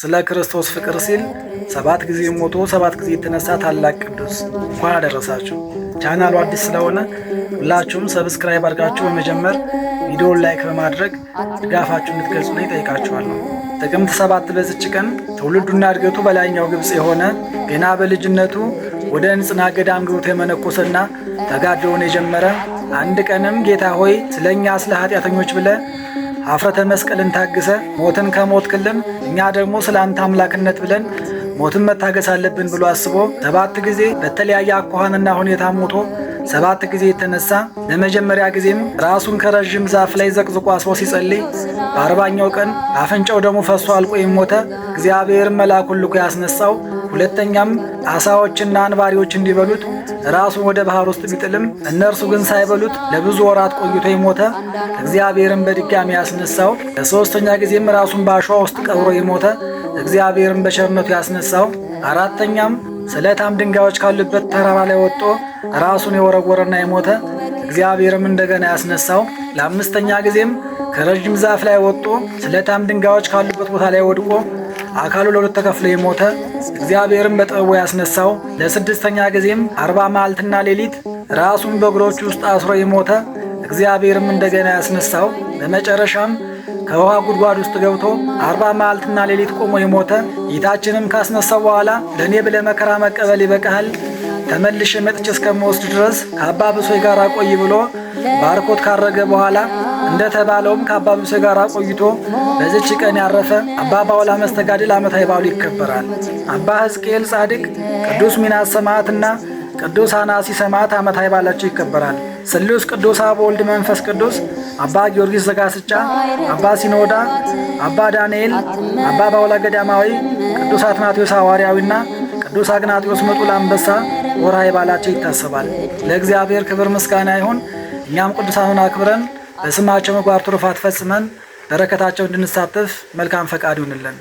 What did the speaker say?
ስለ ክርስቶስ ፍቅር ሲል ሰባት ጊዜ ሞቶ ሰባት ጊዜ የተነሳ ታላቅ ቅዱስ እንኳን አደረሳችሁ። ቻናሉ አዲስ ስለሆነ ሁላችሁም ሰብስክራይብ አድርጋችሁ በመጀመር ቪዲዮን ላይክ በማድረግ ድጋፋችሁ እንድትገልጹ ላይ ጠይቃችኋለሁ። ጥቅምት ሰባት በዝች ቀን ትውልዱና እድገቱ በላይኛው ግብፅ የሆነ ገና በልጅነቱ ወደ ንጽና ገዳም ገብቶ የመነኮሰና ተጋድሎውን የጀመረ አንድ ቀንም ጌታ ሆይ ስለኛ ስለ ኃጢአተኞች ብለ አፍረተ መስቀልን ታግሰ ሞትን ከሞት ክልም እኛ ደግሞ ስለ አንተ አምላክነት ብለን ሞትን መታገስ አለብን ብሎ አስቦ ሰባት ጊዜ በተለያየ አኳኋንና ሁኔታ ሞቶ ሰባት ጊዜ የተነሳ ለመጀመሪያ ጊዜም ራሱን ከረዥም ዛፍ ላይ ዘቅዝቆ አስሮ ሲጸልይ በአርባኛው ቀን አፍንጫው ደሙ ፈሶ አልቆ የሞተ እግዚአብሔር መልአኩን ልኮ ያስነሳው ሁለተኛም አሳዎችና አንባሪዎች እንዲበሉት ራሱን ወደ ባህር ውስጥ ቢጥልም እነርሱ ግን ሳይበሉት ለብዙ ወራት ቆይቶ የሞተ እግዚአብሔርን በድጋሚ ያስነሳው ለሶስተኛ ጊዜም ራሱን በአሸዋ ውስጥ ቀብሮ የሞተ እግዚአብሔርን በቸርነቱ ያስነሳው አራተኛም ስለታም ድንጋዮች ካሉበት ተራራ ላይ ወጥቶ ራሱን የወረወረና የሞተ እግዚአብሔርም እንደገና ያስነሳው ለአምስተኛ ጊዜም ከረዥም ዛፍ ላይ ወጥቶ ስለታም ድንጋዮች ካሉበት ቦታ ላይ ወድቆ አካሉ ለሁለት ተከፍሎ የሞተ እግዚአብሔርም በጠቡ ያስነሳው ለስድስተኛ ጊዜም አርባ መዓልትና ሌሊት ራሱን በእግሮቹ ውስጥ አስሮ የሞተ እግዚአብሔርም እንደገና ያስነሳው በመጨረሻም ከውሃ ጉድጓድ ውስጥ ገብቶ አርባ መዓልትና ሌሊት ቆሞ የሞተ ጌታችንም ካስነሳው በኋላ ለእኔ ብለ መከራ መቀበል ይበቃሃል፣ ተመልሼ መጥቼ እስከምወስድ ድረስ ከአባ ብሶይ ጋር ቆይ ብሎ ባርኮት ካረገ በኋላ እንደተባለውም ከአባ ብሶይ ጋር ቆይቶ በዚች ቀን ያረፈ አባ ባውላ መስተጋድል ዓመታዊ በዓሉ ይከበራል። አባ ሕዝቅኤል ጻድቅ፣ ቅዱስ ሚናስ ሰማዕትና ቅዱስ አናሲ ሰማዕት ዓመታዊ በዓላቸው ይከበራል። ስሉስ ቅዱስ አብ ወልድ መንፈስ ቅዱስ አባ ጊዮርጊስ ዘጋስጫ፣ አባ ሲኖዳ፣ አባ ዳንኤል፣ አባ ባውላ ገዳማዊ፣ ቅዱስ አትናቴዎስ ሐዋርያዊና ቅዱስ አግናጢዮስ መጡል አንበሳ ወርሃዊ በዓላቸው ይታሰባል። ለእግዚአብሔር ክብር ምስጋና ይሁን። እኛም ቅዱሳኑን አክብረን በስማቸው ምግባር ትሩፋት ፈጽመን በረከታቸው እንድንሳተፍ መልካም ፈቃድ ይሁንልን።